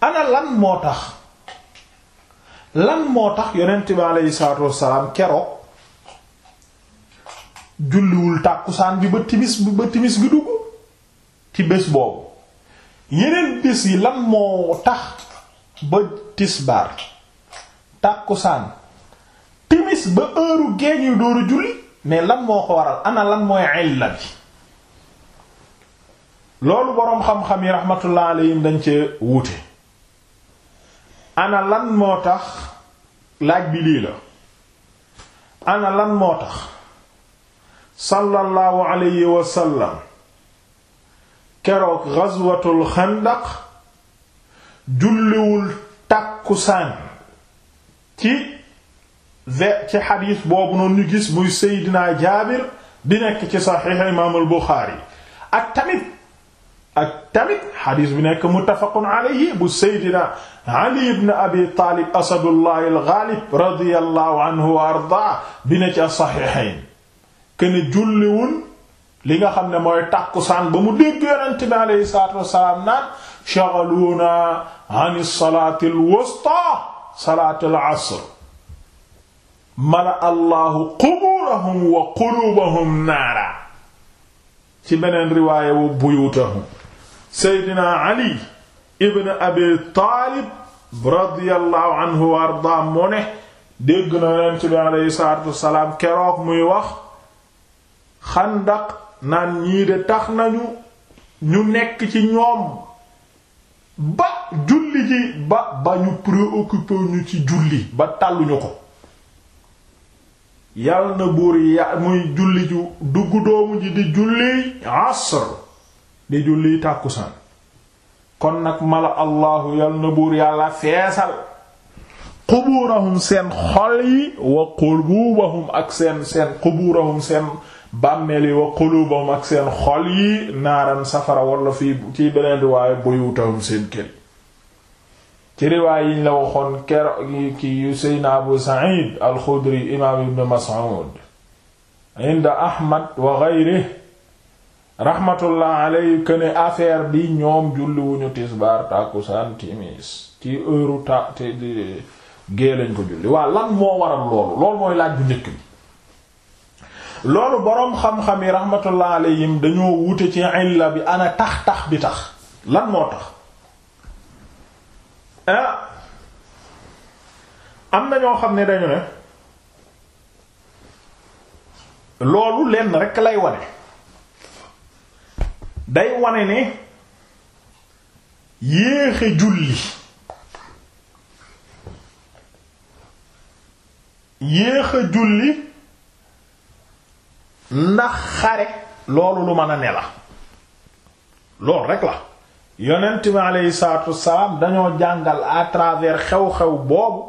ana lan moo tax lan moo tax yonent bi aleyhi salaatu wassalaam keroog julliwul tàkkusaan bi ba timis bi ba timis bi dugg ci bés boobu yéneen bés yi lan moo tax ba tisbaar tàkkusaan timis ba heure géej yu dooru julli mais lan moo ko waral ana lan mooy illa bi loolu boroom xam-xam yi rahmatullah alayhim dañ cee wuute ana lan moo tax laaj bi lii la ana lan moo tax sallallahu alayhi wa sallam keroog ghazwatul xandaq julliwul tàkkusaan ci ci xadiis boobu noonu ñu gis muy seydinaa jaabir bi nekk ci saxiix imaamul buxaari ak tamit ak tamit xadis bi nekk muttafaqun alayhi bu saydina ali ibn abi taalib asadullah al-ghalib radiyallahu anhu wa ardaa bi ne ci as-sahihayn ken julliwul li nga xam ne mooy tàkkusaan ba mu dégg yonente bi alayhi salaatu wasalaam naan shaghaluuna an salaati al-wusta salaati al-asr mala allahu qubuurahum wa quluubahum naara ci beneen riwaaya wa buyuutahum seydina ali ibn abi taalib radiyallahu anhu wa ardaa mu dégg na yonent bi aleyhi salaatu wasalaam keroog muy wax xandaq naan ñii de tax nañu ñu nekk ci ñoom ba julli ji ba ba ñu préoccupé ñu ci julli ba tàlluñu ko yal na buur ya muy julli ju dugg doomu ji di julli asr di julli tàkkusaan kon nag mala allahu yal na buur yàlla feesal qubuurahum seen xol yi wa quluubahum ak seen seen qubuurahum seen bàmmeel yi wa quluubahum ak seen xol yi naaran safara wala fi ci beneen riwaaye buyutahum seen kër ci riwaay yiñ la waxoon ker ki yu seyna abu sa'id al imaam ibn mas'ud inda ahmad wa ghayrihi rahmatullah alay que ne affaire bi ñoom julliwuñu tisbaar tàkkusaan timis ci heure ta te gée lañ ko julli waa lan moo waral loolu loolu mooy laaj bu njëkk bi loolu boroom xam-xam yi rahmatullah alayhim dañoo wute ci illa bi ana tax-tax bi tax lan moo tax ah, am na ñoo xam ne dañu ne loolu lenn rekk lay wane day wane ne yéexe julli yéexa julli ndax xare loolu lu mën a ne la loolu rek la yonent bi aleyhi salaatu wassalaam dañoo jàngal à travers xew-xew boobu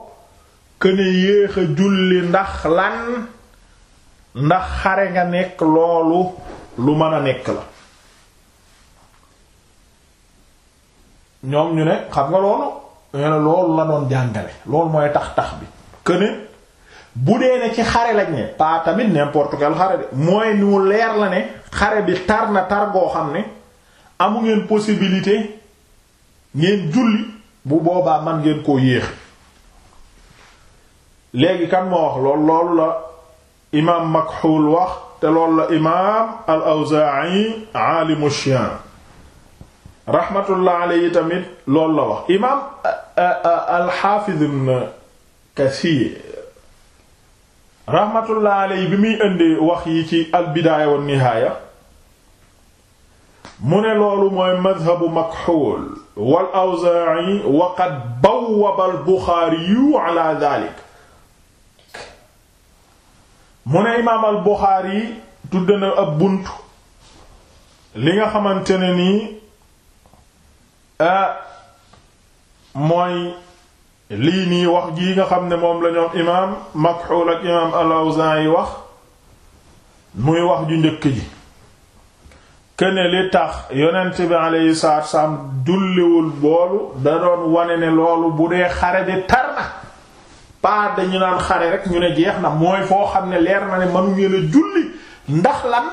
que ne yéex a julli ndax lan ndax xare nga nekk loolu lu mën a nekk la ñoom ñu ne xam nga loolu nee na loolu la doon jàngale loolu mooy tax tax bi këne bu dee ne ci xare lañ ne pas tamit neen quel xare de mooy ñu leer la ne xare bi tar na tar goo xam ne amu ngeen possibilité ngeen julli bu boobaa man ngeen koo yéex léegi kan moo wax lool loolu la imaam Makhul wax te loolu la imaam al-Awzaa'i aalimu Shaam rahmatullah alayhi tamit loolu la wax imaam alxaafiz ibn Kasiir rahmatullah alayhi bi muy indi wax yi ci albidaaya wa nihaaya mu ne loolu mooy madhabu Makxuul wal Awzaa'i wa qad bawwaba al-Buxaari ala daalik mu ne imaam al-Buxaari tudd na ab bunt li nga xamante ne nii Euh, mooy lii nii wax ji nga xam ne moom la ñoom imaam Makxuul ak imaam al-Awzaa'i wax muy wax ju njëkk ji këne li tax yonent bi alayhi salaatu salaam julliwul boolu da doon wane ne loolu bu dee xare bi tar na pas dañu naan xare rek ñu ne jeex na mooy foo xam ne leer na ne mënu ngeen julli ndax lan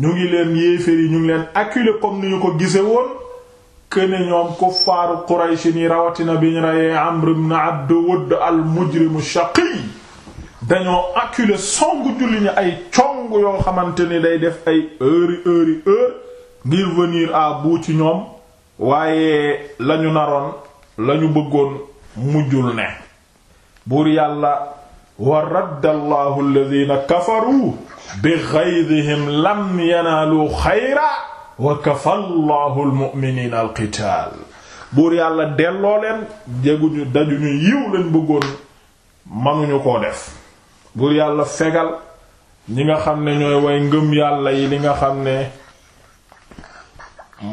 ñu ngi leen yéeféer yi ñu ngi leen acculé comme ni ko gise woon këne ñoom kuffaaru Quraysh ni rawatina bi ñu reyee Amr ibn Abd Wudd al dañoo acculé songu julli ñu ay cong yoo xamante ni day def ay heure heure heure ngir venir à ci ñoom waaye lañu naroon lañu bëggoon mujjul ne buur yàlla wa radda allahu alladhina kafaru bi ghaydihim lam yanaalu xayra wa kafallahu almu'minina buur yàlla delloo leen jéguñu dajuñu yiw leen bëggoon manuñu koo def buur yàlla fegal ñi nga xam ne ñooy way ngëm yàlla yi li nga xam ne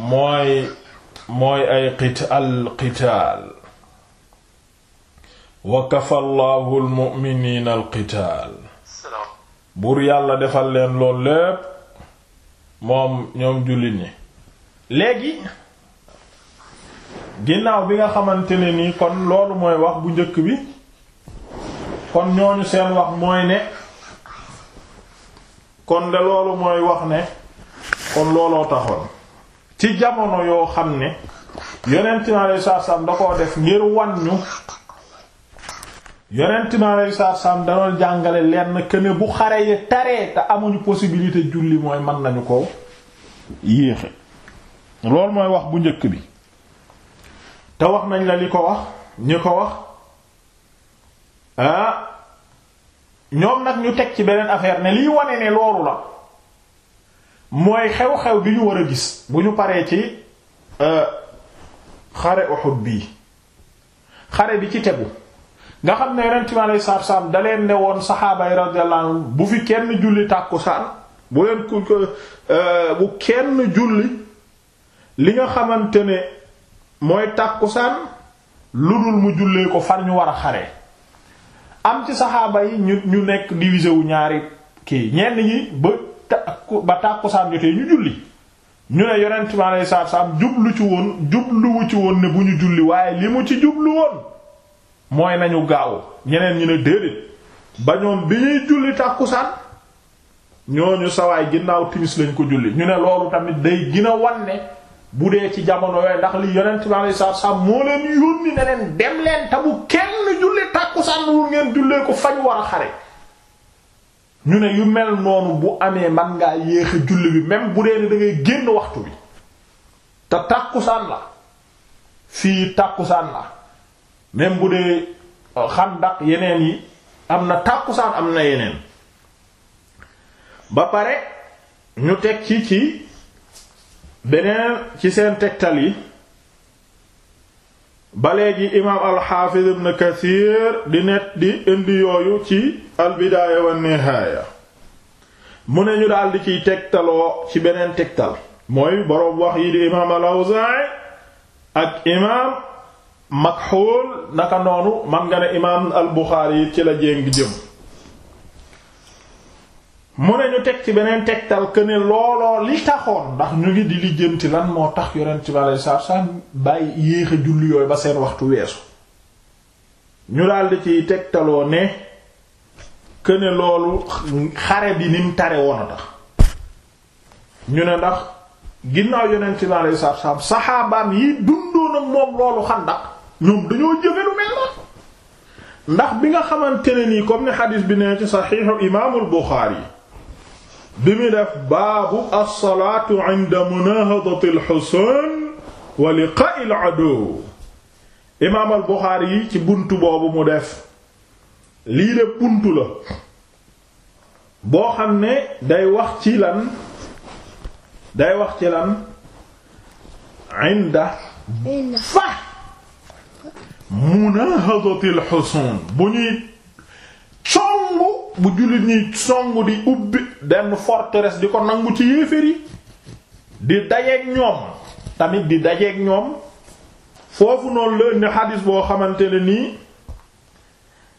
mooy mooy ay qit alqitaal wa kafallahu almu'minina buur yàlla defal leen loolu lépp moom ñoom jullit ñi léegi ginnaaw bi nga xamante ne nii kon loolu mooy wax bu njëkk bi kon ñooñu seen wax mooy ne kon de loolu mooy wax ne kon looloo taxoon ci jamono yoo xam ne yonent mi alayhi salaam da ko def ngir wan ñu yonent bi aleyhi salaatu salaam danoon jàngale lenn que ne bu xare yi taree te amuñu possibilité julli mooy man nañu ko yéexe loolu mooy wax bu njëkk bi te wax nañ la li ko wax ñi ko wax ah ñoom nag ñu teg ci beneen affaire ne liy wane ne loolu la mooy xew-xew bi ñu war a gis bu ñu paree ci euh, xare Uhud bii xare bi ci tegu nga xam ne yonent mi yi salaatu salaam da leen ne woon saxaaba yi radiyallahu bu fi kenn julli tàkkusaan bu leen ku euh, bu kenn julli li nga xamante ne mooy tàkkusaan lu dul mu jullee ko far ñu war a xare am ci saxaaba yi ñu ñu nekk divisé wu ñaari kii ñenn ñi ba tàkku ba tàkkusaan jotee ñu julli ñu ne yonent mi alayhi salaatu salaam jublu ci woon jubluwu ci woon ne bu ñu julli waaye li mu ci jublu woon mooy nañu gaaw ñeneen ñu ne déedéet ba ñoom bi ñuy julli tàkkusaan ñooñu sawaay ginnaaw timis lañ ko julli ñu ne loolu tamit day gën a bu dee ci jamono yooyu ndax li yonent bi alayhi salaatu salaam moo leen yónni ne leen dem leen te bu kenn julli tàkkusaan wul ngeen jullee ko fañ war xare ñu ne yu mel noonu bu amee man ngaa yéex a julli bi même bu dee ne da génn waxtu bi te tàkkusaan la fii tàkkusaan la même bu dee euh, xandaq yeneen yi am na tàkkusaan am na yeneen ba pare ñu teg ci ci beneen ci seen tegtal yi ba léegi imaam alxaafiz ibn kathir di net di indi yooyu ci albidaaya wa nihaaya mu ne ñu daal di ciy tegtaloo ci beneen tegtal mooy boroom wax yi di imaam al ak imaam Makxuul naka noonu man nga ne imaam al-Buxaari yi ci la jéng jëm mu ne ñu teg ci beneen tegtal que ne looloo li taxoon ndax ñu ngi di lijjanti lan moo tax yonent bi aleyhi salaatu salaam yéex a julli yooyu ba seen waxtu weesu ñu daldi ciy tegtaloo ne que loolu xare bi ni tare woon ñu ne ndax ginnaaw yonent bi aleyhi salaatu salaam saxaabaam yi dundoon moom loolu xandax ñoom dañoo jëfe lu mel ndax bi nga xamante ne nii comme ni xadis bi nee ci saxiixu imaamul Buxaari bi mu def baabu as-salaatu inda munaahadati al wa liqaa'i al-aduw imaamal Buxaari yi ci buntu boobu mu def lii de buntu la boo xam ne day wax ci lan day wax ci lan inda fa munahadatil xusun bu ñuy songu bu jullit ñuy songu di ubbi denn forteresse di ko nangu ci yéeféer yi di dajeeg ñoom tamit di dajeeg ñoom foofu noonu la indi xadis boo xamante ne nii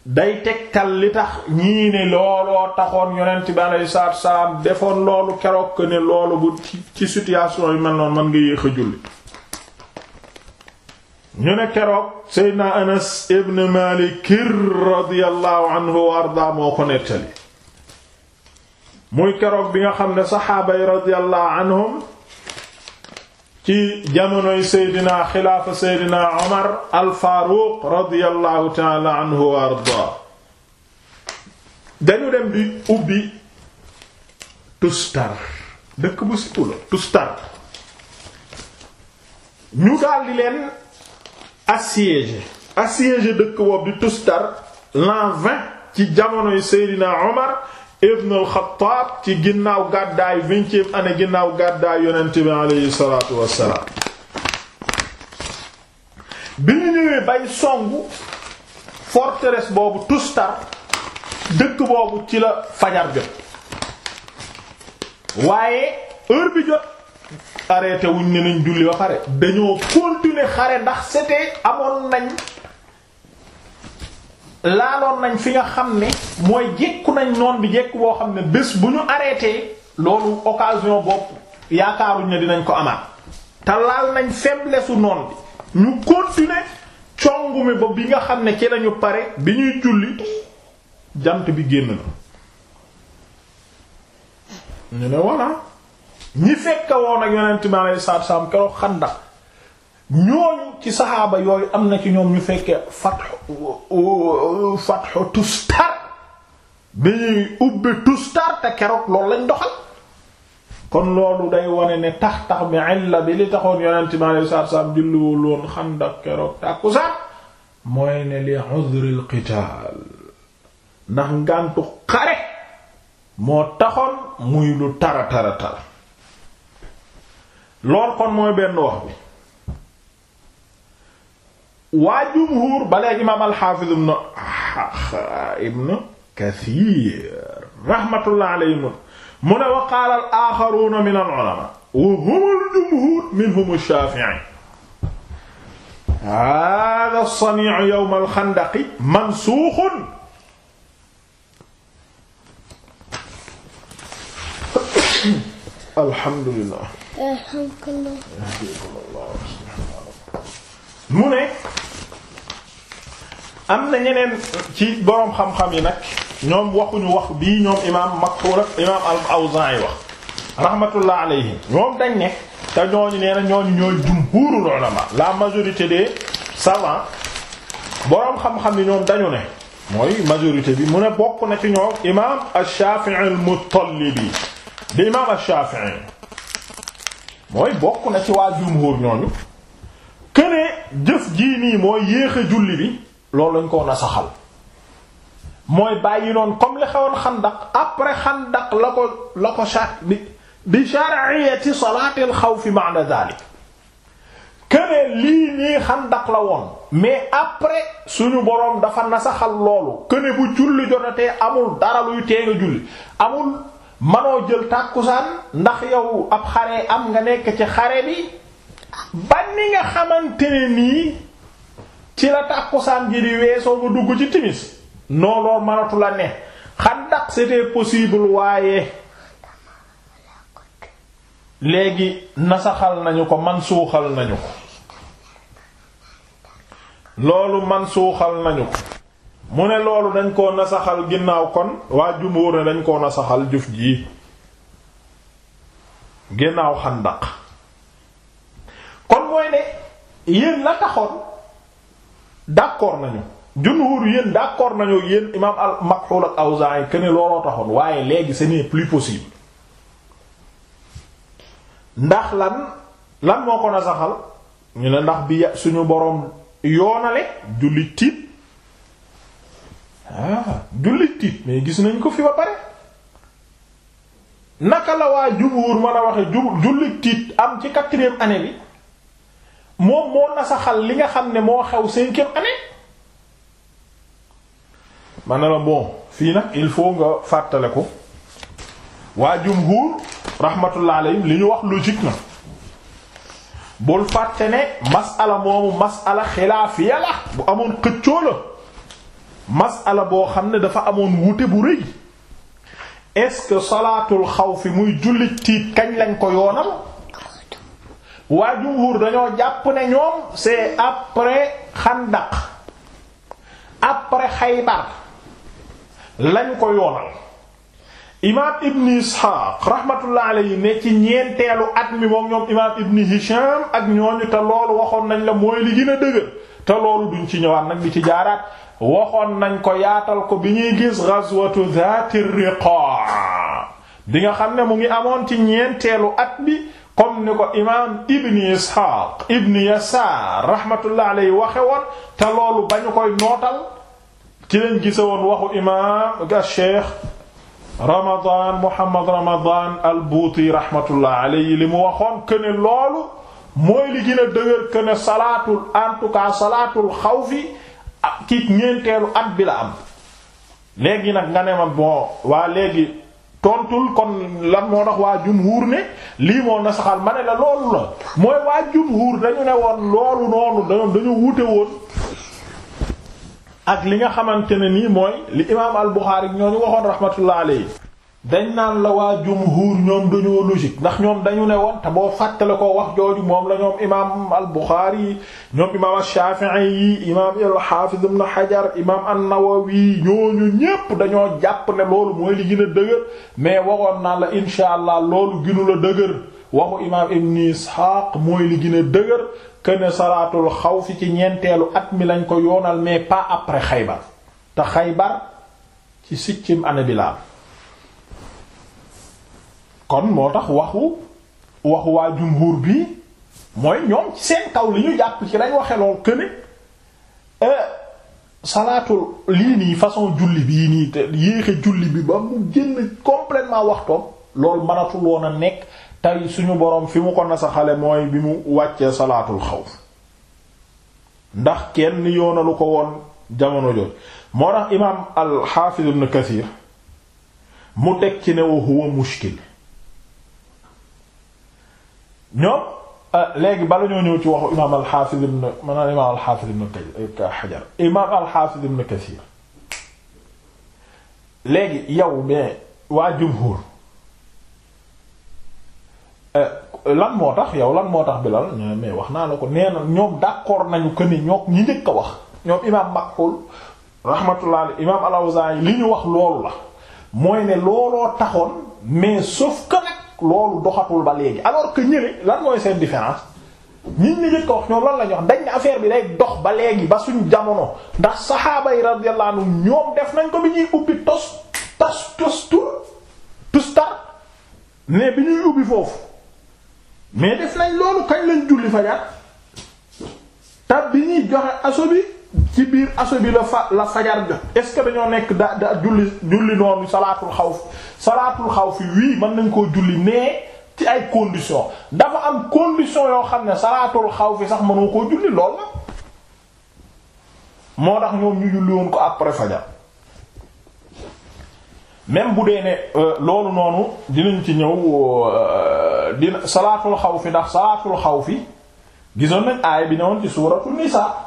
day tegtal li tax ñii ne looloo taxoon yonent bi alayhi salaatu wa salaam defoon loolu keroog que ne loolu bu ci situation yu mel noonu mën nga yéex a julli ñu ne keroog Seydina Anas ibn Malik radiyallahu anhu wa arda moo ko nettali muy keroog bi nga xam ne saxaaba yi radiyallahu anhum ci jamonoy Seydina xilaafa Seydina Omar al Faaruq radiyallahu ta'ala anhu wa dañu dem di ubbi Tustar dëkk bu situ la Tustar ñu daldi leen assiégé assiégé dëkk boobu di Tustar l'an ci jamonoy Seydina Omar ibn al ci ginnaaw gàddaay vingtième année ginnaaw gàddaay yonent bi aleyhi salaatu wassalaam bi ñu ñëwee bay songu forteresse boobu Tustar dëkk boobu ci la fajar jot waaye heure arrêté wuñ ne nañ julli ba pare dañoo continuer xare ndax c'était amoon nañ laaloon nañ fi nga xam ne mooy jekku nañ noon bi jekku boo xam ne bés bu ñu arrêté loolu occasion bopp yaakaaruñ ne dinañ ko amaat te laal nañ faiblesse su noon bi ñu continuer congu mi ba bi nga xam ne ci lañu pare bi ñuy julli jant bi génn na ñu ne voilà ñi fekk woon ak yonent bi alayhi salaatu salaam keroog xandax ñooñu ci saxaaba yooyu am na ci ñoom ñu fekkee fatxu fatxu Tustar bi ñuy ubbi Tustar te keroog loolu lañ doxal kon loolu day wane ne tax tax bi illa bi li taxoon yonent bi alayhi salaatu salaam julliwul woon xandax keroog tàkkusaan mooy ne li udril qitaal ndax ngàntu xare moo taxoon muy lu tara tara tara lool kon mooy benn wax bi waa jumhur balee imaam alxaafiz ibn ibn kathir rahmatullah alayhim mu ne wa qaala al axaruna min al ulama wa hum al jumhur minhum al shaafi'i hada al sanii yawm al xandaqi mansuuxun alhamdulillah mu ne am na ñeneen ci borom xam-xam yi nag ñoom waxuñu wax bii ñoom imaam Makruur ak imaam al-Awzaa'i wax rahmatullah alayhi ñoom dañ ne te ñooñu nee na ñooñu ñooy jumhuurul la majorité des savants boroom xam-xam yi ñoom dañu mooy majorité bi mu ne bokk na ci ñoom imaam al-Shaafi'i al-Muttalibi di imaam al-Shaafi'i mooy bokk na ci waa jumhur ñooñu kënee jëf jii nii mooy yéex a julli bi loolu lañ ko nasaxal mooy bàyyi noonu comme li xewoon xandak après xandak la ko la ko sha bi bi shar'iyati salaatil xawfi ma'na dalik kënee lii nii xandak la woon mais après suñu boroom dafa nasaxal loolu këne bu julli jotatee amul dara luy tee nga julli amul manoo jël tàkkusaan ndax yow ab xare am nga nekk ci xare bi ba ni nga xamante ne ci la tàkkusaan ji di weesoo nga dugg ci timis non loolu manatu la ne xandax c'était possible waaye léegi nasaxal nañu ko man suuxal nañu ko loolu man suuxal nañu ko mu ne loolu dañ koo nasaxal ginnaaw kon waa jumhur ne dañ koo nasaxal jëf ji ginnaaw xandaq kon mooy ne yéen la taxoon d'accord nañu jumhur yéen d'accord nañu yéen imaam al-Makhul ak Awzaa'i que ne looloo taxoon waaye léegi ce n'est plus possible ndax lan lan moo ko nasaxal ñu ne ndax bi suñu boroom yoonale julli tiit ah jullit tiit mais gis nañ ko fi ba pare naka la waa jumhur mën a waxe jullit tiit am ci quatrième année bi moom moo nasaxal li nga xam ne moo xew cinquième année ma ne la bon fii nag il faut nga fàttale ko waa jumhur rahmatullah alayhim li ñu wax logique na bul fàtte ne masala moomu masala xilaafiya la bu amoon xëccoo la masala boo xam ne dafa amoon wute bu rëy est-ce que salaatul xawfi muy jullit tiit kañ lañ ko yoonal waa jumhur dañoo jàpp ne ñoom c'est après xandaq après xaybar lañ ko yoonal imaam ibn isxaaq rahmatullah yi ne ci ñeenteelu at mi moom ñoom imaam ibn hisham ak ñooñu te loolu waxoon nañ la mooy li gën a dëgër te loolu duñ ci ñëwaat nag di ci jaaraat waxoon nañ ko yaatal ko bi ñuy gis ghazwatu zatir riqa bi nga xam ne mu ngi amoon ci ñeenteelu at bi comme ni ko imaam ibn Isxaaq ibn Yasaar rahmatullah alayhi waxe woon te loolu ba ñu koy nootal ci lañ gise woon waxu imaam ga Cheikh Ramadan Muhammad Ramadan al-Buuti rahmatullah alayhi li mu waxoon que ne loolu mooy li gën a dëgër que ne salaatul en tout cas salaatul xawfi ak ah, ki ñeenteelu at bi la am léegi nag nga ne ma bon waa léegi tontul kon lan moo tax waa jumhuur ne lii moo nasaxal ma ne la loolu la mooy waa jumhuur dañu ne woon loolu noonu dañu dañu wute woon ak li nga xamante ne nii mooy li imaam al Buxaari ñooñu waxoon rahmatullah alayhi dañ naan la waa jumhuur ñoom dañoo logique ndax ñoom dañu ne woon te boo fàttale ko wax jooju moom la ñoom imaam al-Bukhari yi ñoom imaam al yi imaam al-Hafiz ibn Hajar imaam an-Nawawi ñooñu ñépp dañoo jàpp ne loolu mooy li gën a dëgër mais waxoon naa la insha allah loolu ginu la dëgër waxu imaam ibn Ishaq mooy li gën a dëgër que ne salaatul xawfi ci ñeenteelu at mi lañ ko yoonal mais pas après Xaybar te Xaybar ci siccim anabilaam kon moo tax waxu waxu waa jumhur bi mooy ñoom ci seen kaw li ñu jàpp ci dañ waxe lool que euh, salaatul lii nii façon julli bi ba mu génn complètement waxtoom loolu mënatul woon a nekk tey suñu boroom fi mu ko na sa xale mooy bi mu wàccee salaatul xawf ndax kenn yoonalu ko woon jamono jooju moo tax imaam al-Hafiz Kathir mu teg ci ne wa huwa ñoom euh, léegi bala ñoo ñëw ci waxu imaam al-Hafiz ibn maanaam imaam al-Hafiz ibn euh, imaam al yow mais waa jumhur euh, lan moo tax yow lan moo bi lal mais wax naa la ko nee na ñoom d'accord nañu que ni ñoo ñi njëkk wax ñoom imaam Makhul rahmatullah imaam al-Awzaa'i li ñu wax loolu la mooy ne looloo taxoon mais sauf que loolu doxatul ba léegi alors que ñële lan mooy seen différence ñiñ ni njëkk wax ñoom lan la ñu wax dañ ne affaire bi day dox ba léegi ba suñ jamono ndax saxaaba yi radiyallahu anhum ñoom def nañ ko bi ñuy ubbi tos tas tos tu tustar mais bi ñuy ubbi foofu mais def nañ loolu kañ lañ julli fajar tab bi ñuy joxe aso ci biir aso bi la fa la fajar jot est ce dañoo nekk da da julli julli noonu salaatul xaw salaatul xawf wii mën nañ koo julli mais ci ay condition dafa am condition yoo xam ne salaatul xawf sax mënu koo julli lool la moo tax ñoom ñu julli woon ko après fajar même bu dee ne euh, loolu noonu dinañ ci ñëw euh, dina salaatul xawfi ndax salaatul xawfi gisoon nañ aaya bi ne woon ci suuratul nisaa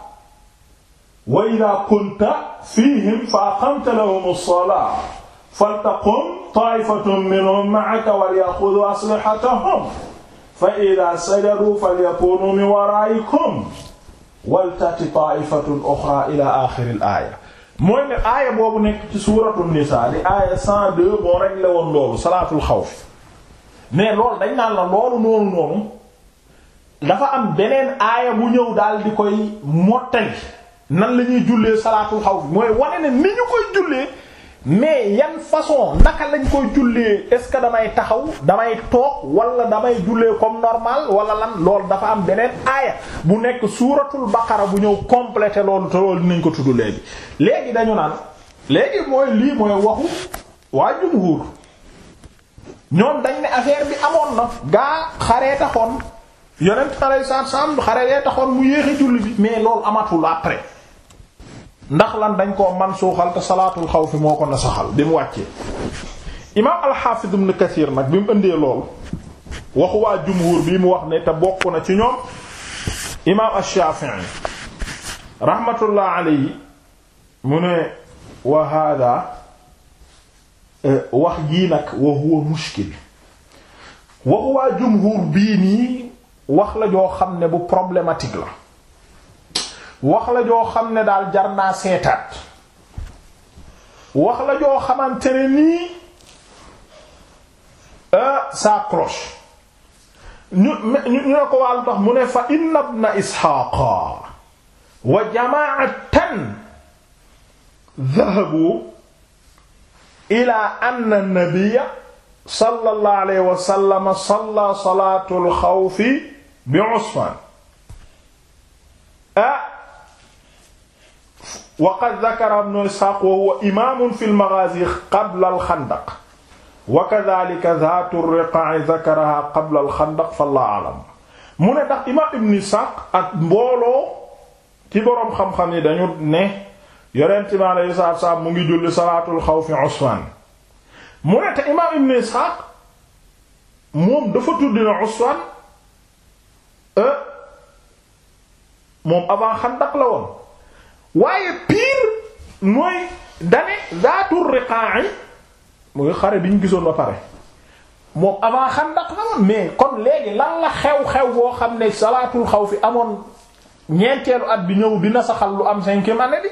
wa idha kunta fihim fa aqamta lahum as-salah faltaqum ta'ifatun minhum ma'aka walyakhudhu aslihatahum fa idha sajadu falyakunu min wara'ikum waltati ta'ifatun ukhra ila akhir al-aya mooy ne aaya boobu nekk ci suuratu nisaa di aaya 102 moo rekk la woon loolu salaatul xawf mais loolu dañ naan la loolu noonu noonu dafa am beneen aaya bu ñëw daal di koy mottali nan la ñuy jullee salaatul xawf mooy wane ne ni ñu koy jullee mais yan façon naka lañ koy jullee est-ce que damay taxaw damay toog wala damay jullee comme normal wala lan lool dafa am beneen aaya bu nekk suuratul baqara bu ñëw complété loolu te loolu dinañ ko tudd léegi. léegi dañu naan léegi mooy lii mooy waxu waa jumhuur ñoom dañ ne affaire bi amoon na. gaa xaree taxoon yonent xare yi taxoon mu yéex julli bi mais loolu amatul après. ndax lan dañ koo mansuuxal te salaatul xawfi moo ko nasaxal bi mu wàccee imaam alxaafiz ibn Kasiir nag bi mu indee loolu waxu waa jumhuur bi mu wax ne te bokk na ci ñoom imaam ash-Shaafi'i rahmatullah alayhi mu ne wa haadaa e, wax jii nag wa huwa mushkil waxu waa jumhuur bii nii wax la joo xam ne bu problématique la wax la joo xam ne daal jar naa seetaat wax la joo xamante ne nii euh, ça cloche ñu ñu ne ko wàllu tax mu ne fa inna ibna isxaaqa wa jamaatan dahabu ila anna nabiyya sallallahu alayhi wa sallam salla salaatul xawfi bi Usfaan ah euh, wa qad dhakara ibnu Isxaaq wa huwa imaamun fil maghaazi qabla al-Xandaq wa kadhaalika dhaatu riqaa'i dhakarahaa qabla al-Xandaq fallaahu a'lam mu ne ndax imaam ibnu Isxaaq ak mbooloo ci boroom xam-xam yi dañu ne Yonent bi alayhi salaatu wa salaam mu ngi julli salaatul xawfi Usfaan mu ne te imaam ibnu Isxaaq moom dafa tudd na Usfaan euh, moom avant Xandaq la woon. waaye pire mooy dane zaatur riqa'i mooy xare bi ñu gisoon ba pare moom avant xandaq amoon mais kon léegi lan la xew-xew woo xam ne salaatul xaw fi amoon ñeenteelu at bi ñëw bi na saxal lu am cinquième année bi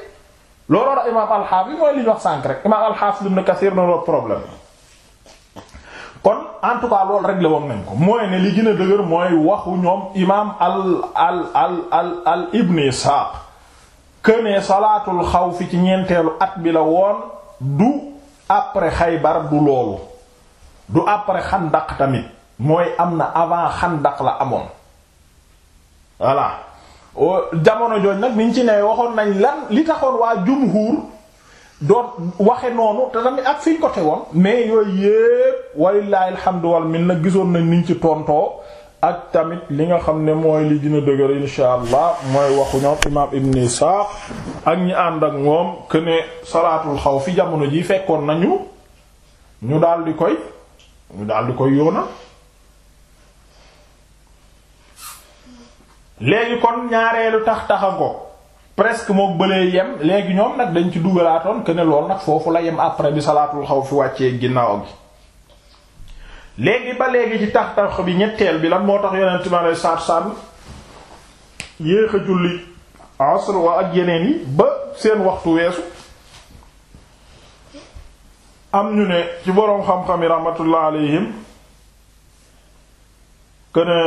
looloo la imaam alxaafis mooy li ñu wax sànq rek imaam alxaafis ibn Kasiir na loolu problème kon en loolu réglé woon nañ ko mooy ne li gën a dëgër mooy waxu ñoom imaam al al al al ibn Isaaq kënee salaatul xawfi ci ñeenteelu at bi la woon du après xaybar du loolu du après xandaq tamit mooy am na avant xandax la amoon voilà jamono jooj nag niñ ci ne waxoon nañ lan li taxoon waa jumhuur doon waxe noonu te tamit ak fii ko woon mais yooyu yépp walilahi alhamdu wal na gisoon nañ niñ ci tontoo ak tamit li nga xam ne mooy li dina dëgër insha allah mooy waxu ñoom imaam ibn Isaaq ak ñi ànd ak moom que ne salaatul xaw fi jamono ji fekkoon nañu ñu daal koy ñu daal di koy yoona léegi kon ñaareelu tax taxa ko presque moo bëlee yem léegi ñoom nag dañ ci dugalaatoon que ne nag foofu la yem après bi salaatul xaw fi wàccee ginnaaw bi léegi ba léegi ci tax tax bi ñetteel bi lan moo tax yonent ma lay saab saab yéex a julli asr ak yeneen yi ba seen waxtu weesu am ñu ne ci boroom xam-xam yi rahmatullah alayhim këne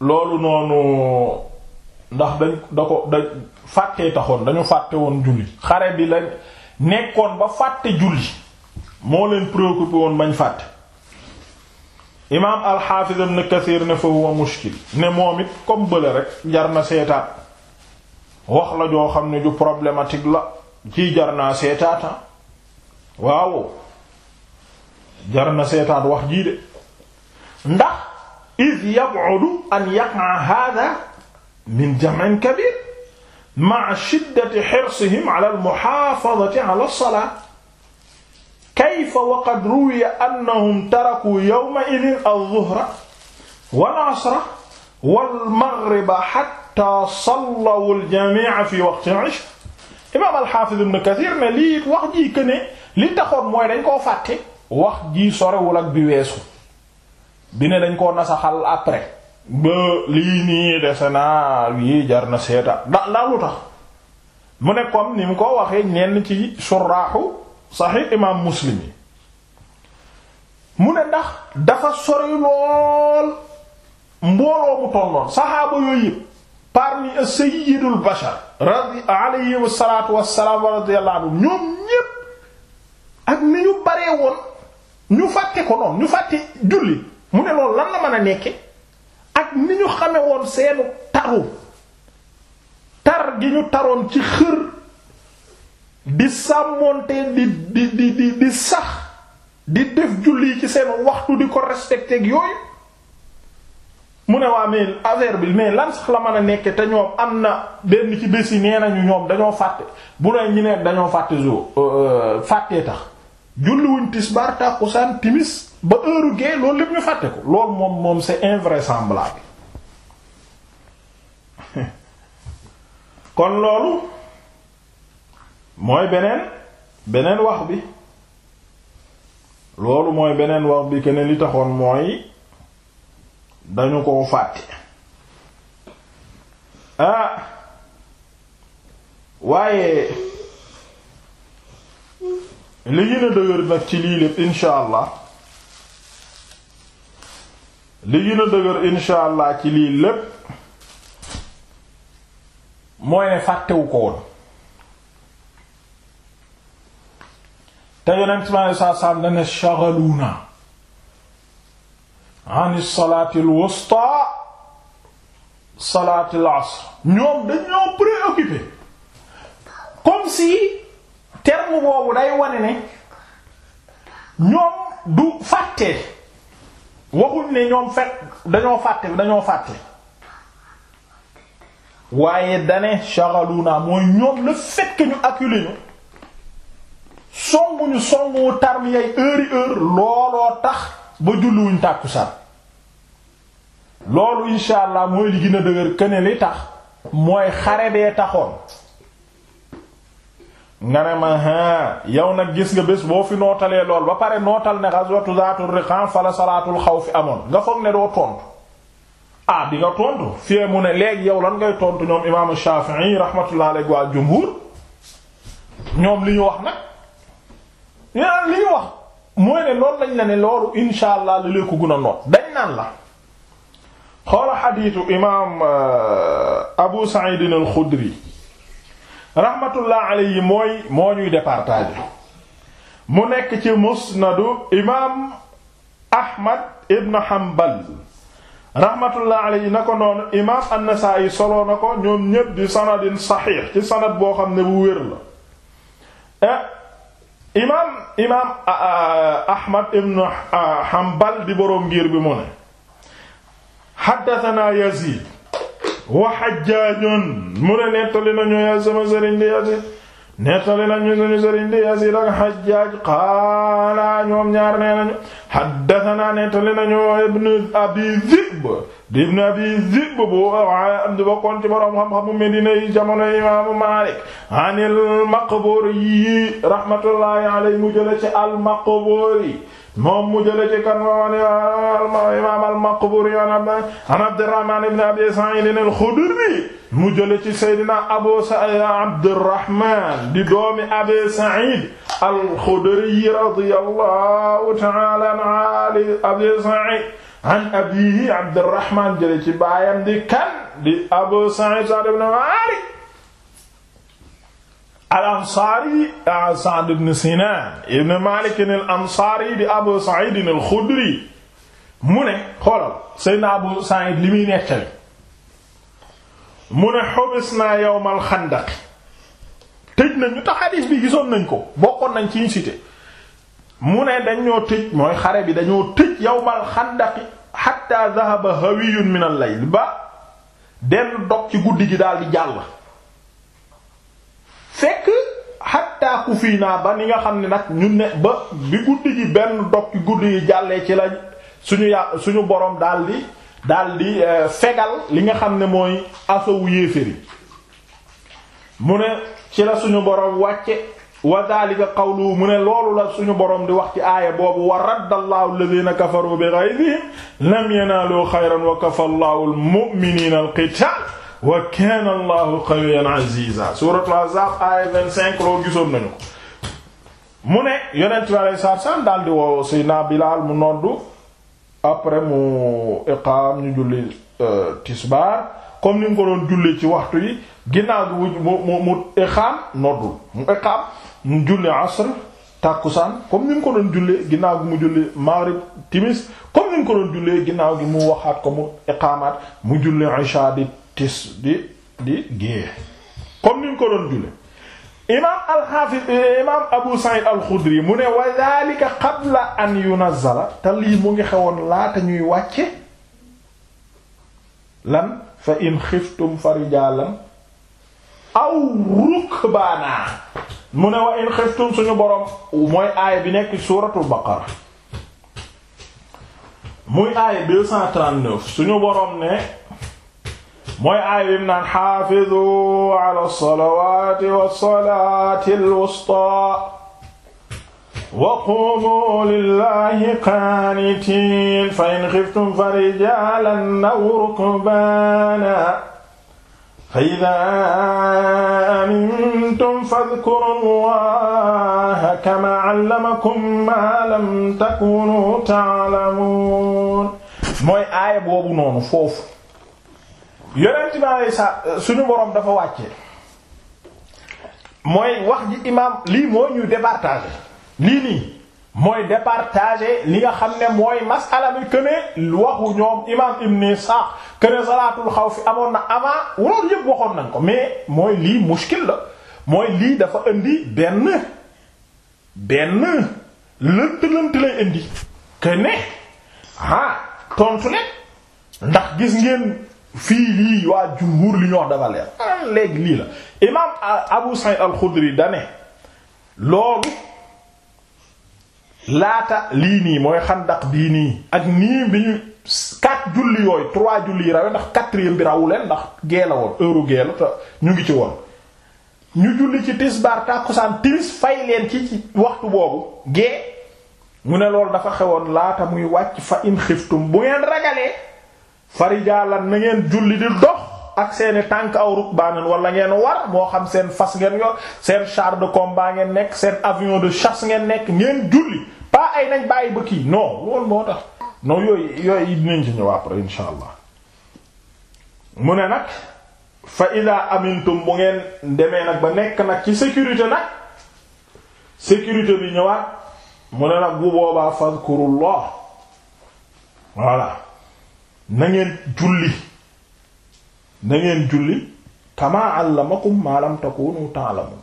loolu noonu ndax dañ da ko da fàttee taxoon dañu fàtte woon julli xare bi la nekkoon ba fàtte julli moo leen préoccupé woon bañ fàtte imaam alxaafiz ibn Kasiir ne fa huwa mushkil ne moom it comme bële rek jar na seetaat wax la joo xam ne ju problématique la ci jar naa seetaata ah. waaw jar na seetaat wax jii de ndax iz yab'udu an yaqa hada min jam'in kabir ma'a shiddati hirsihim ala al-muhaafazati ala as-salaat kayfa wa qad ruwiya annahum taraku yawma idin az-zuhra wal-asra wal-maghriba hatta sallawu al-jamii'a fi waqti al-'ashr. imaam al-Haafiz Ibn Kathir ne lii wax jii que li taxoon mooy dañ koo fàtte. wax jii sorewul ak bi weesu bi ne dañ koo nasaxal après. ba lii nii dese naa yii jar na seeta ndax ndax tax mu ne comme ni mu ko waxee ñenn ci suraaxu. saxiix imaam muslim yi mu ne ndax dafa sori lool mbooloo mu tolloon saxaaba yooyu yëpp parmi sayyidul bashar radi alayhi salaatu wassalaam wa radiyallahu anhu ñoom ñépp ak ni ñu baree ñu fàtte ko noonu ñu fàtte julli mu ne loolu lan la mën a nekke ak ni ñu xame seenu taru tar gi ñu taroon ci xër di sàmmoonteen di di di di di sax di def julli ci seen waxtu di ko respecté ak yooyu mu ne waa mais affaire bi mais lan sax la mën a nekke te ñoom am na benn ci bés yi nee nañu ñoom dañoo fàtte bu ne ñu dañoo fàtte jour euh, fàttee tax julliwuñ tisbaar tàkkusaan timis ba heure gee loolu lépp ñu fàtte ko loolu moom moom c'est kon loolu mooy beneen beneen wax bi loolu mooy beneen wax bi keneen li taxoon mooy dañu koo fàtte ah, waaye li gën a dëgër nag ci lii lépp insha allah li gën a dëgër insha allah ci lii lépp mooy ne fàttewu ko woon te yonent bi aleyhi salaatu salaam dane shaghaluuna an salaatil wusta salaatil asr ñoom dañoo préoccupé comme si terme boobu day wane ne ñoom du fàtte waxuñ ne ñoom fekk dañoo fàtte dañoo fàtte waaye dane shaghaluuna mooy ñoom le fait ñu acculé ñu songuñu songu tarm yay heure yi heure looloo tax ba julliwuñ tàkkusaan loolu insha allah mooy li gën a dëgër këne li tax mooy xare bee taxoon nga ne ma ha yow nag gis nga bés boo fi nootalee lool ba pare nootal ne ghazwatu zaatul riqan fala salaatul xawfi amoon nga foog ne doo tontu ah di tontu fii mu ne léegi yow lan ngay tontu ñoom imaamu Shafi'i rahmatullahi alayhi wa jumhur ñoom li ñu wax nag ñu naan li ñu wax mooy ne loolu lañ la ne loolu insha allah la léegi ko gën a noot dañ naan la xoola xadiitu imaam euh, Abu Sa'id al-Khudri rahmatullah alayhi mooy moo ñuy départager mu nekk ci musnadu imaam Ahmad ibn Hanbal rahmatullah alayhi na ko noonu imaam an-Nasa'i soloo ko ñoom ñépp di sanadin saxiix ci sanad boo xam ne bu wér la eh, imaam imaam Ahmad ibn uh, Hanbal di boroom ngir bi mu ne haddathana Yazid wa Hajjaj mu ne nettali nañu ya sama sëriñ di Yazid nettali nañu suñu sëriñ di ñaar nee nañu haddathana nettali nañu ibn Abi Dhib di ibn abi zib bu am di bokkoon ci borom xam-xamu Medina yi jamono imaamu Maalik anil Maqburi rahmatullahi alayhi mu jële ci al Maqburi moom mu jële ci kan wa imaam al Maqburi an Abdurrahman ibn Abi Sa'id al-Khudri mu jële ci Seydina Abu Sa'id Abdurrahman di doomi Abi Sa'id al-Khudri radiyallahu ta'ala an Abi Sa'id an abiihi Abdurrahmaan jële ci baayam di kan di Abu Sa'iid Sa'd ibn Maalik al-Ansaari ah, Sa'd ibn Sinaan ibn Maalik al-Ansaari di Abu Sa'iid al-Xudri mu ne xoolal Seydina Abu Sa'iid li muy nettali mu ne hubisnaa yawmal xandaq tëj nañu tax hadiis bi gisoon nañ ko bokkoon nañ ci ñu mu ne dañoo tëj mooy xare bi dañoo tëj yawmal xandaqi hatta dhahaba hawiyun min al ba benn dog ci guddi gi daal jàll fekk hatta kufiina ba ni nga xam ne nag ñu ne ba bi guddi gi benn dog ci guddi gi jàllee ci la suñu yà suñu borom daal di eh, fegal li nga xam ne mooy asawu yéeféri mu ne ci la suñu borom wàcce wa dhalika qawluhu mu ne la suñu borom di wax ci aaya boobu wa radda allahu alladhina kafaru bi ghayzihim lam yanaalu khayran wa kafa allahu almu'minina alqital wa kana aziza suratul ahzab aaya 25 gisoon nañu mu ne yonent bi alayhi salaatu salaam daal di woo Seydina Bilaal mu noddu après mu iqaam ñu julli euh, tisbaar comme ni mu ko julli ci waxtu yi ginnaaw mu iqaam noddul mu iqaam mu julli asr tàkkusaan comme ni mu ko doon jullee ginnaaw gi mu julli maghrib timis comme ni mu ko doon jullee ginnaaw gi mu waxaat ko mu iqaamaat mu julli isha di tis ko doon imaam al imaam Abu Sa'id al mu ne wa dhalika qabla an yunazzala te lii mu ngi xewoon laata ñuy wàcce lan fa in xiftum fa rijaalan aw rukbaana mu ne wa in xiftum suñu borom mooy aaya bi nekk suuratul baqara muy aaya 239 suñu borom ne mooy aaya bi naan xaafidu ala salawaati wassalaati alwusta wa qumu lillahi qaanitiin fa in xiftum fa rijaalan aw rukbaana fa idaa amintum fadkuru llaha kamaa allamakum maa lam takunuu ta'lamuun mooy aaya boobu noonu foofu yonent bi alei sa suñu boroom dafa wàcce mooy wax ji lii mooy ñuy départager lii nii mooy départager li nga xam ne mooy masala bi que waxu ñoom imaam Ibn Isaaq kene salaatul xaw fi amoon na avant waloolu yëpp waxoon nañ ko mais mooy lii mushkil la mooy lii dafa indi benn benn lënt lënt lay indi que ne ah tontu ndax gis ngeen fii lii waa jumhur li ñu dafa leer ah, léegi lii la imaam Abu Sa'id al dane loolu laata lii nii mooy xandaq bii nii ak nii bi ñu quatre julli yooyu trois julli yi rawe ndax quatrième bi rawu leen ndax gee la woon heure gee la te ñu ngi ci woon ñu julli ci tisbaar tàkkusaan timis fay leen ci ci waxtu boobu gee mu ne loolu dafa xewoon laata muy wàcc fa in xiftum bu ngeen ragalee farijaalan na ngeen julli di dox ak seeni tànk aw rukbaanan wala ngeen war moo xam seen fas ngeen yor seen char de comme baa ngeen nekk seen avion de chasse ngeen nekk ngeen julli pas ay nañ bàyyi ba kii non non yooyu yooyu dinañ ci ñëw après insha allah mu ne nag fa ida amintum bu ngeen demee nag ba nekk nag ci sécurité nag sécurité bi ñëwaat mu ne nag bu boobaa fadkurullah voilà na ngeen julli na ngeen julli kama allamakum ma lam takunu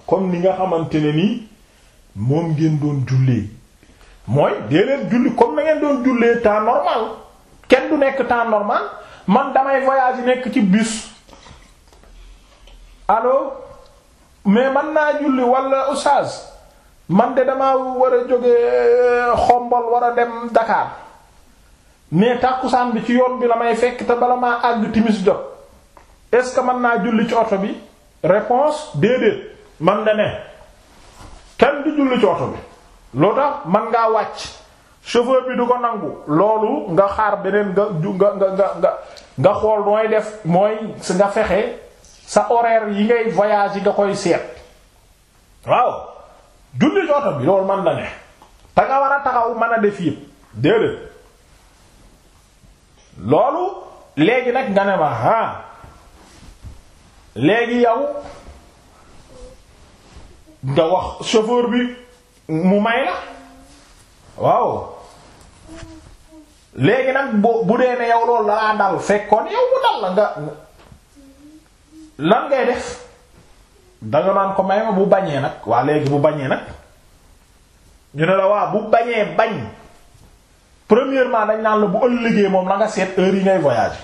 comme ni nga xamante ne nii moom ngeen doon jullee mooy dee leen julli comme na ngeen doon jullee temps normal kenn du nekk temps normal man damay voyage nekk ci bis allo mais man naa julli wala oustaz man de damaa war a jóge euh, xombol war a dem Dakar mais tàkkusaan bi ci yoon bi la may fekk te bala maa àgg timis jot est-ce naa julli ci oto bi réponse déedéet man da ne kenn du julli ci oto bi loo tax man ngaa wàcc chauffeur bi du ko nangu loolu nga xaar beneen nga nga nga nga xool nooy def mooy nga fexe sa horaire yi ngay voyage yi nga koy seet waaw julli jooto bi loolu man la ne war a taxaw mën a def yëpp léegi nag nga ne ma ah léegi yow nga wax chauffeur bi mu may la waaw léegi nag boo bu dee ne yow loolu dalaa dal fekkoon yow bu dal la nga naan ko may ma bu bañee nag waa léegi bu bañee nag ñu ne la waa bu bañee bañ premièrement dañ naan la bu ëllëgee moom la nga seet heure yi ngay voyage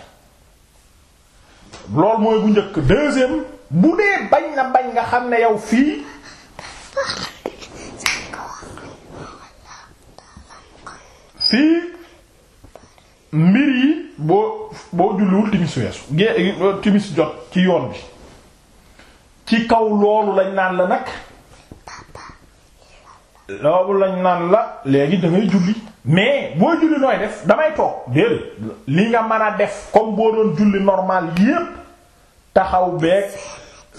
loolu mooy bu njëkk deuxième bu dee bañ na bañ nga xam ne yow fii fii mbir yi boo boo julliwul timis weesu gée timis jot ci yoon bi ci kaw loolu lañ naan la nag loolu lañ naan la léegi dangay ngay julli mais boo julli nooy def damay toog déedéet li nga mën a def comme boo doon julli normal yépp taxaw beeg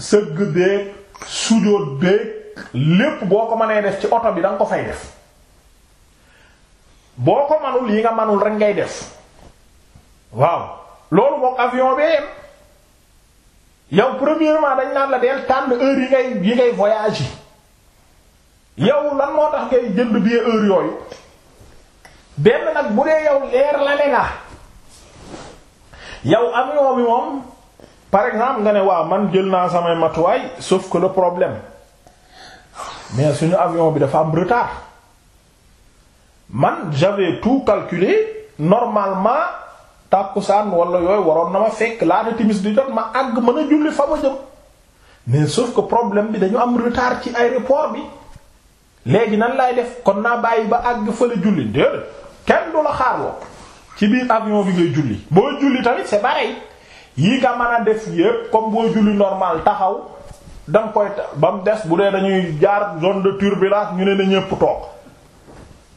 sëgg beeg sujóot beeg lépp boo ko mënee def ci oto bi da ko fay def boo ko manul yi nga manul rek ngay def waaw loolu moom avion bee yem yow premièrement dañ naan la deel tànn heure yi ngay yi ngay voyage yi yow lan moo tax ngay jënd bi heure yooyu benn nag bu dee yow leer la ne nga yow avion bi moom par exemple nga ne waa man jël naa samay matuwaay sauf que le problème mais suñu avion bi dafa am retard man j'avais tout calculé normalement tàkkusaan wala yooyu waroon na ma fekk laata timis di jot ma àgg mën a julli fa ma jëm mais sauf que problème bi dañu am retard ci aéroport bi léegi nan laay def kon naa bàyyi ba àgg fële julli déedéet kenn du la xaarloo ci biir avion bi ngay julli boo julli tamit c'est pareil yi nga mën a def yépp comme boo julli normal taxaw da koy ba mu des bu dee dañuy jaar zone de turbulence ñu ne na ñépp toog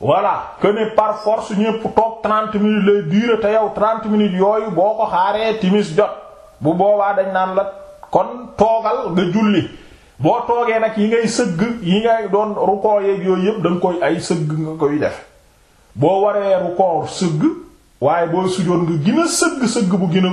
voilà que ne par force ñépp toog 30 minutes lay durer te yow 30 minutes yooyu boo ko xaaree timis jot bu boobaa dañ naan la kon toogal nga julli boo toogee nag yi ngay sëgg yi ngay doon rukkoo yeeg yooyu yépp da koy ay sëgg nga koy def boo waree rukkoo sëgg waaye boo sujoon nga gën a sëgg sëgg bu gën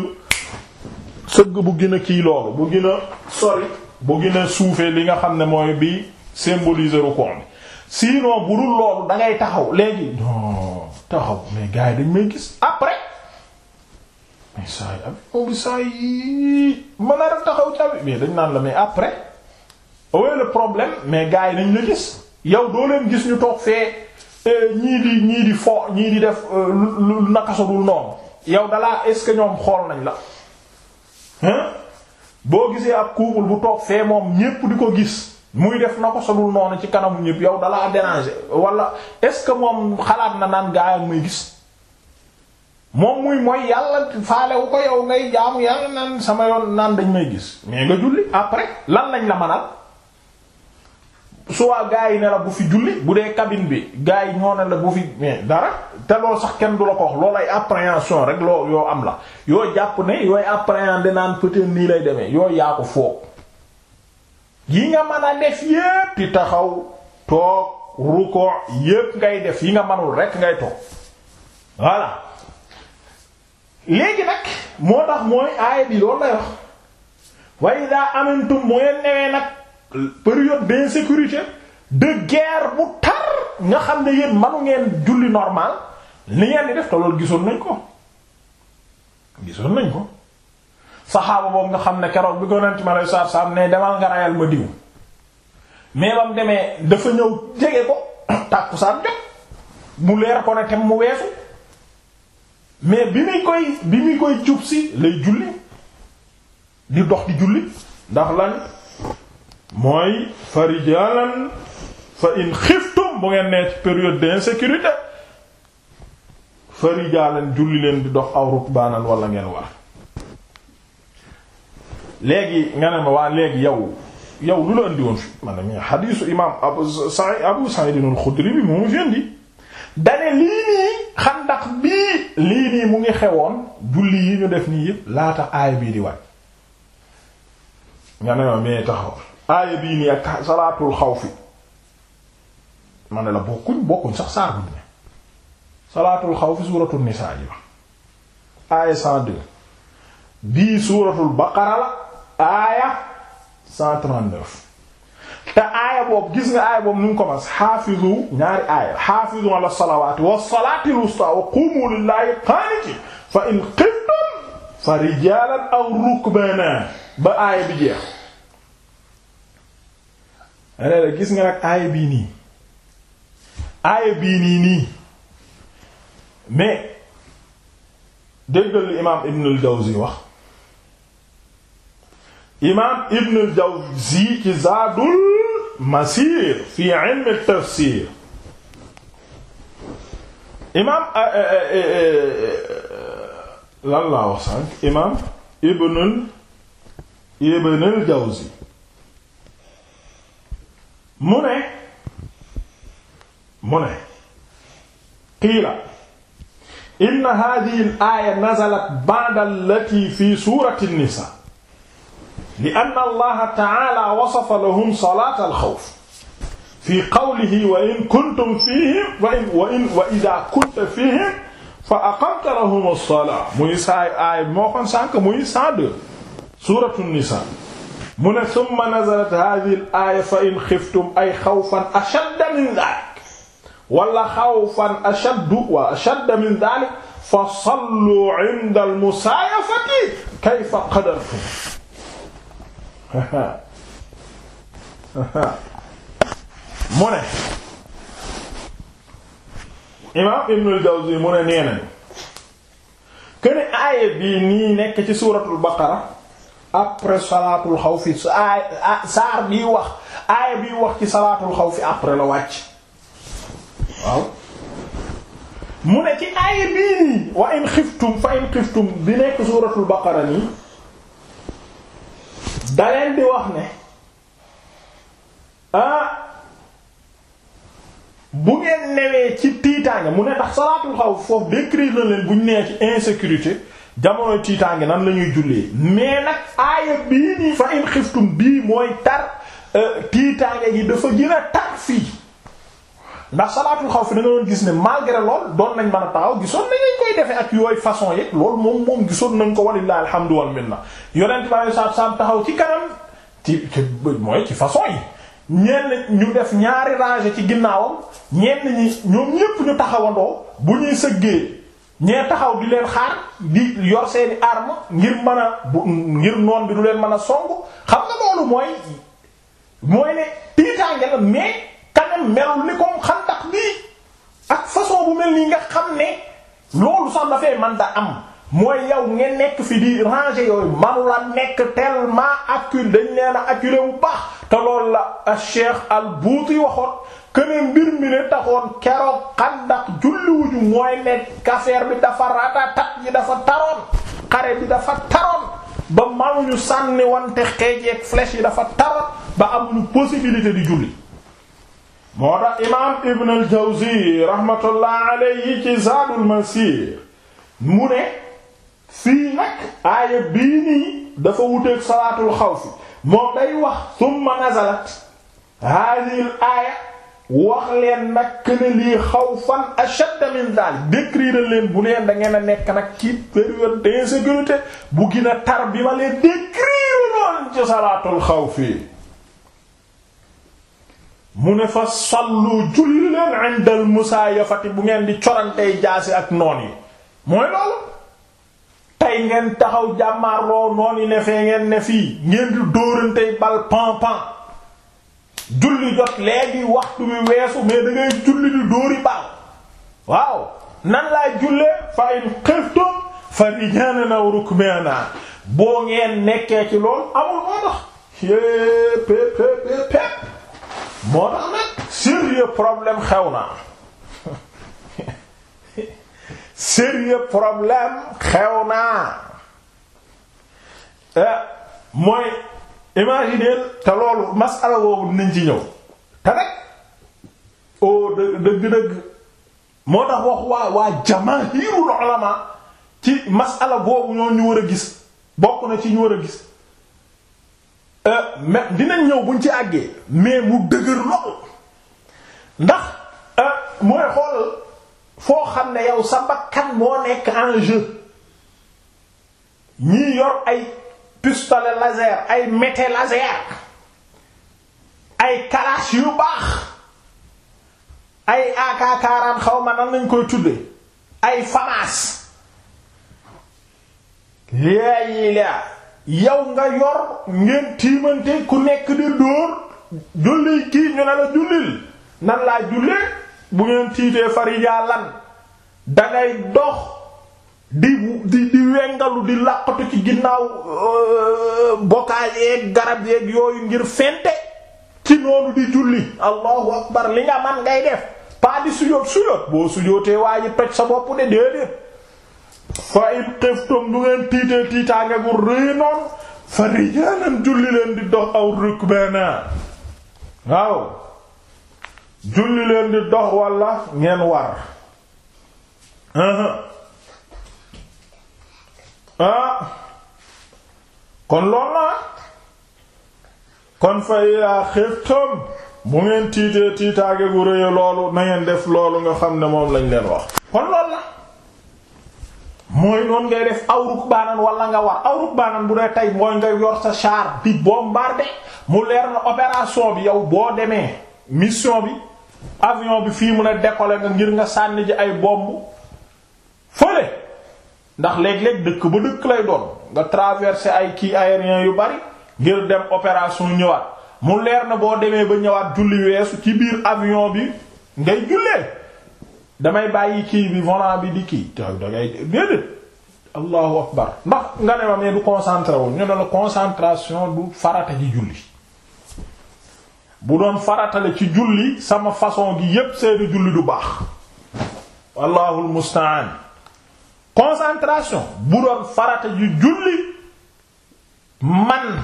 sëgg bu gën a kii bu gën a sori bu gën suufee li nga xam ne mooy bi symboliser rukkoo bi sinon bu dul loolu da ngay taxaw léegi non taxaw mais gars yi dañ may gis après mais saa yi am bi def taxaw ci abi mais dañ naan la mais après awee problème mais gars yi dañ la gis yow doo gis ñu toog fee eh, ñii di ñii di fo ñii di def euh, lu nakasadul noonu yow dalaa est-ce que ñoom xool nañ la hein boo gisee ak couple bu toog fee moom ñépp di ko gis muy def na ko solul noonu ci kanamu ñëpp yow dalaa déranger wala est-ce que moom xalaat na naan gaa yi may gis moom muy moy yàlla faale wu ko yow ngay jaamu yàlla naan sama yoon naan dañ may gis mais nga julli après lan lañ la mënal soit gaa yi ne la bu fi julli bu dee cabine bi gaa yi ñoo ne la bu fi mais dara te loolu sax kenn du la ko wax loolu ay appréhension rek loo yoo am la yoo jàpp ne yooy appréhender naan peut nii lay demee yooyu yaa ko foog yi nga mën a def yépp taxaw toog ruko yépp ngay def yi nga mënul rekk ngay toog voilà léegi nag moo tax mooy aaya bi loolu lay wax wa iza amantum mu ngeen newee nag période d'insécurité de bu tar nga xam ne yéen manu ngeen julli normal li ngeen di def te loolu gisoon nañ ko gisoon nañ ko saxaaba boobu nga xam ne keroog bi ko yonent ma lay saar saam ne demal nga rayal ma diw mais bam demee dafa ñëw jege ko tàkkusaan jot mu leer ko ne mu weesu mais bi muy koy bi muy koy jub si lay julli di dox di julli ndax lan mooy farijalan fa in xiftum bu ngeen nee ci période d'insécurité farijalan julli leen di dox aw rukbaanan wala ngeen war léegi nga ne ma waa léegi yow yow lu la andi woon fi man ne mi xadiisu imaam Abu Sa'id Abu Sa'id al-Khudri bi moomu dane lii nii xandax bii lii nii mu ngi xewoon julli yi ñu def nii yëpp laata aaya bii di wàcc nga ne ma mais taxaw aaya bii nii ak salaatul xawfi man ne la bokkuñ bokkuñ sax saar buñ ne salaatul xawfi suuratul nisaa ji ba aaya 102 bii suuratul baqara la aaya 139 te aaya boobu gis nga aaya boobu nu ngi commencé xaafizu ñaari aaya xaafizu ala salawaati wa salaatil wusta wa qumu lillahi qaaniti fa in xiftum fa rijaalan aw rukbaana ba aaya bi jeex la gis nga nag aaya bii nii aaya bii nii nii mais déggal li imaam Ibn al-Jawzi wax imaam Ibn al-Jawzi ci Zaadul Masiir fi ilm at-tafsiir imaam eh, eh, eh, lan laa wax sànq imaam Ibn al Ibn al-Jawzi mu ne mu ne qiila inna haadhihi al-aaya nazalat ba'da allatii fii suurati an-nisaa li anna allaha ta'ala wasafa lahum salaata alxawf fi qawlihi wa in kuntum fihim wa in wa in wa ida kunta fihim fa aqamta lahum as-salaa muy saa aay moo kon sànk muy 102 suuratu nisaa mu ne summa nazalat haadhihi al-aaya fa in xiftum ay xawfan ashadda min dhaalik wala xawfan ashaddu wa ashadda min dhaalik fa sallu inda al-musaayafati kayfa qadartum mu ne imaam Ibnul Jawzi mu ne nee nañu këni aaya bii nii nekk ci suuratul baqara après salaatul xawfi ah, saar bii wax aaya bii wax ci salaatul xawfi après la wàcc waaw mu ne ci aaya bii nii wa in xiftum fa in xiftum bi nekk suuratul baqara nii daleen di wax ne ah bu ngeen newee ci tiitaange mu ne ndax salaatul xaw foofu décrire na leen bu ñu nee ci insécurité jamonoy tiitaange nan la ñuy jullee mais nag aaya bii nii fa in xiftum bii mooy tar euh, tiitaange gi dafa gën a tar fii ndax salaatul xawf da nga doon gis ne malgré lool doon nañ mën a taxaw gisoon nañ lañ koy defee ak yooyu façon yi loolu moom moom gisoon nañ ko walilah alhamdu wal minna yonent bi alei satu salaam taxaw ci kanam ci ci mooy ci façon yi ñenn ñu def ñaari rangée ci ginnaawam ñenn ñi ñoom ñépp ñu taxawandoo bu ñuy sëggee ñee taxaw di leen xaar di yor seeni arme ngir mën a ngir noon bi du leen mën a song xam nga loolu mooy mooy ne tiitaange la mais quand même melul ni comme xandax bii ak façon bu mel nii nga xam ne loolu sax dafay man da am mooy yow nga nekk fi di ranger yooyu manu nekk tellement acculé dañ nee na acculé bu baax te loolu la Cheikh al-Bouti waxoon que mbir mi ne taxoon keroog xandax julliwuñu mooy nekk affaire bi dafa ratatat yi dafa taroon xare bi dafa taroon ba manuñu sànni wante xeejeeg flèche yi dafa taroon ba amuñu possibilité di julli moo tax imaam Ibn al-Jawzi rahmatullah alayhi ci Zaadul Masiir mu ne fii nag aaya bii nii dafa wuteeg salaatul xawfi moom day wax summa nazalat haadihil aaya wax leen nag ne lii xawfan ashadda min daalik décrire leen bu leen da ngeen a nekk nag ci période d'insécurité bu gën a bi ma leen décrire lool ci salaatul xawfi mu ne fa sallu julli leen inda al musaayafati bu ngeen di corantey jaasi ak noon yi mooy loolu tey ngeen taxaw jàmmaarloo noon yi ne fee ngeen ne fii ngeen di dóorantey bal pan pan julli jot léegi waxtu mi weesu mais da julli di dóori bal waaw nan laa jullee fa in xiftum fa rijaanan aw rukbaana boo ngeen nekkee ci loolu amul moo tax é moo tax nag sérieux problème xew na sérieux problème xew na eh, mooy imaginer te loolu masala woowu dinañ ci ñëw te nag o oh, dëgg-dëgg moo tax wax waa waa jamaahirul ulama ci masala boobu ñoo ñu war a gis bokk na ci ñu war a gis Euh, mais dinañ ñëw buñ ci àggee mais mu dëgër lool ndax euh, mooy xool foo xam ne yow sa bakkan moo nekk en ñii yor ay pistolet laser ay mete laser ay kalaas yu baax ay ak xaw ma nan lañ koy tudde ay FAMAS léegi laa yow nga yor ngeen tiimante ku nekk di dóor julli kii ñu ne la jullil nan laa jullee bu ngeen tiitee farija lan dangay dox di di di wengalu di làqatu ci ginnaaw euh, bokaal yeeg garab yeeg yooyu ngir fente ci noonu di julli allahu akbar li nga man ngay def pas di sujoot sujoot boo sujootee waa toj sa bopp de déedéet fa in bu ngeen tiitee tiitaange gu rëy noonu fa rijaalan julli leen di dox aw rukbaana waaw julli leen di dox walla ngeen war uh-huh. ah, kon lool na kon fa yaa xiftum bu ngeen tiitee tiitaange gu rëy loolu na def loolu nga xam ne moom lañ leen wax kon lool la mooy noonu ngay def aw rukbaanan wala nga wax aw rukbaanan bu dee tey mooy nga yor sa char di bombarder mu leer na opération bi yow boo demee mission bi avion bi fii mun a décoller nga ngir nga sànni ji ay bomb fële ndax léeg-léeg dëkk ba dëkk lay doon nga traverse ay kii aérien yu bari ngir dem opération ñëwaat mu leer na boo demee ba ñëwaat julli weesu ci biir avion bi ngay jullee damay bàyyi kii bi volant bi di kii taw dangay déedéet allahu akbar ndax nga ne ma mais du concentré wu ñu ne la concentration du farata ji julli bu doon faratale ci julli sama façon gi yépp seeni julli du baax allahul musta'an concentration bu doon farata ju julli man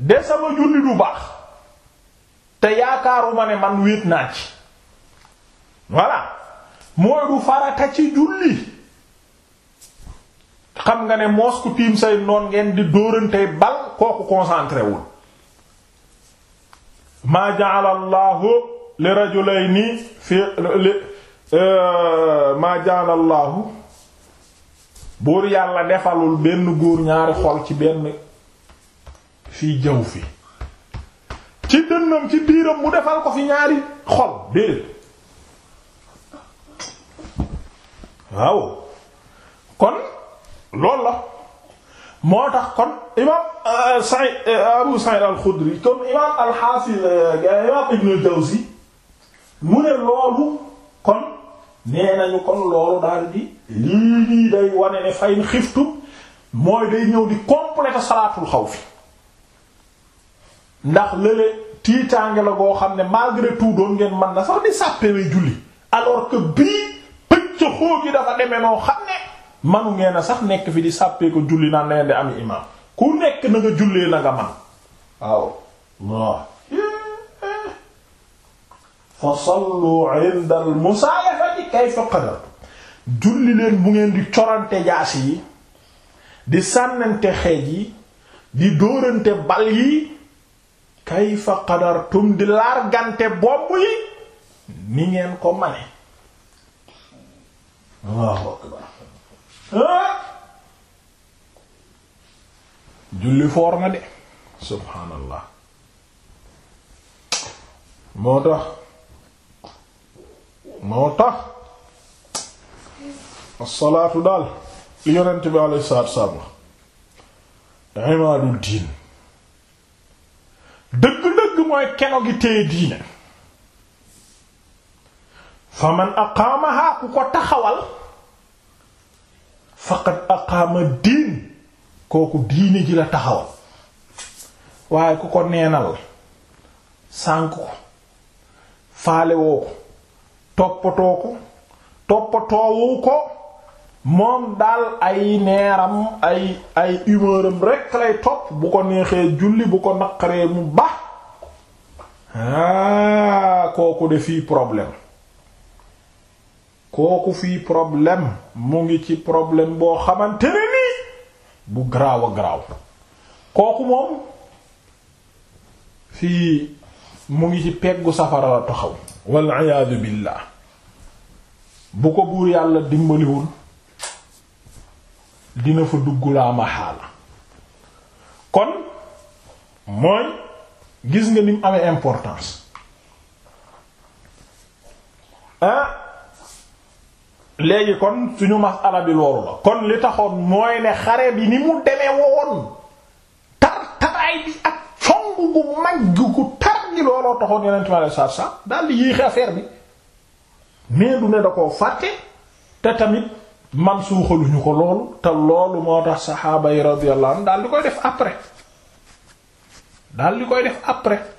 de sama julli du baax te yaakaaruma ne man wéet naa ci voilà mooy du farata ci julli xam nga ne moos tiim say noon ngeen di dóorantey bal kooku concentré wul maa ja'ala Allahu li rajulayni fi li euh, maa ja'ala Allahu buur yàlla defalul benn góor ñaari xol ci benn fii jaww fi ci dënnam ci biiram mu defal ko fi ñaari xol déedéet waaw kon loolu la moo tax kon imaam euh, Sa'id euh, Abu Sa'id al-Khudri kon imaam al euh, imaam Ibn al-Jawzi mu ne loolu kon nee nañu kon loolu daal di lii lii day wane ne fayin xiftu mooy day ñëw di compléter salaatul fi ndax lële tiitaange la goo xam ne malgré tout doon ngeen mën na sax di sàppewee julli alors que bii xëccëxoo gi dafa demee noo xam ne manu ngeen a sax nekk fi di sàppee ko julli naan leen di am imaam ku nekk na nga jullee na nga man waaw waaw fa sallu inda al musaayafati kayfa qadartu julli leen bu ngeen di corante jaas yi di sànnante xeej yi di dóorante bal yi kayfa qadartum di largante bomb yi ni ngeen ko mane Allahu ah! julli foor na de subhaanallah moo tax moo tax asalaatu daal li bi alayhi salaatu salaam la imaadu diin dëgg-dëgg mooy keno gi téye diine fa man aqaamaha ku ko taxawal faqad aqaama diin kooku diine ji la taxawal waaye ku ko neenal sànk ko faalewoo ko toppatoo ko toppatoowu ko moom daal ay neeram ay ay humeuram rekk lay topp bu ko neexee julli bu ko naqaree mu baax aa kooku de fii problème kooku fii problème mu ngi ci problème boo xamante ne bu garaaw a garaaw kooku moom fii mu ngi ci peggu safara la taxaw wal iyaadu billaah bu ko buur yàlla dimbaliwul dina fa dugg laa maxaala kon mooy gis nga ni mu amee importance ah léegi kon suñu masala bi loolu la kon li taxoon mooy ne xare bi ni mu demee woon tar taraay bi ak cong bu mag gu tar gi looloo taxoon yeneen ma le sar sa daal di yéexe affaire bi mais du ne da koo fàtte te tamit man suuxaluñu ko loolu te loolu moo tax saxaaba yi radiyallahu anhu daal di koy def après daal di koy def après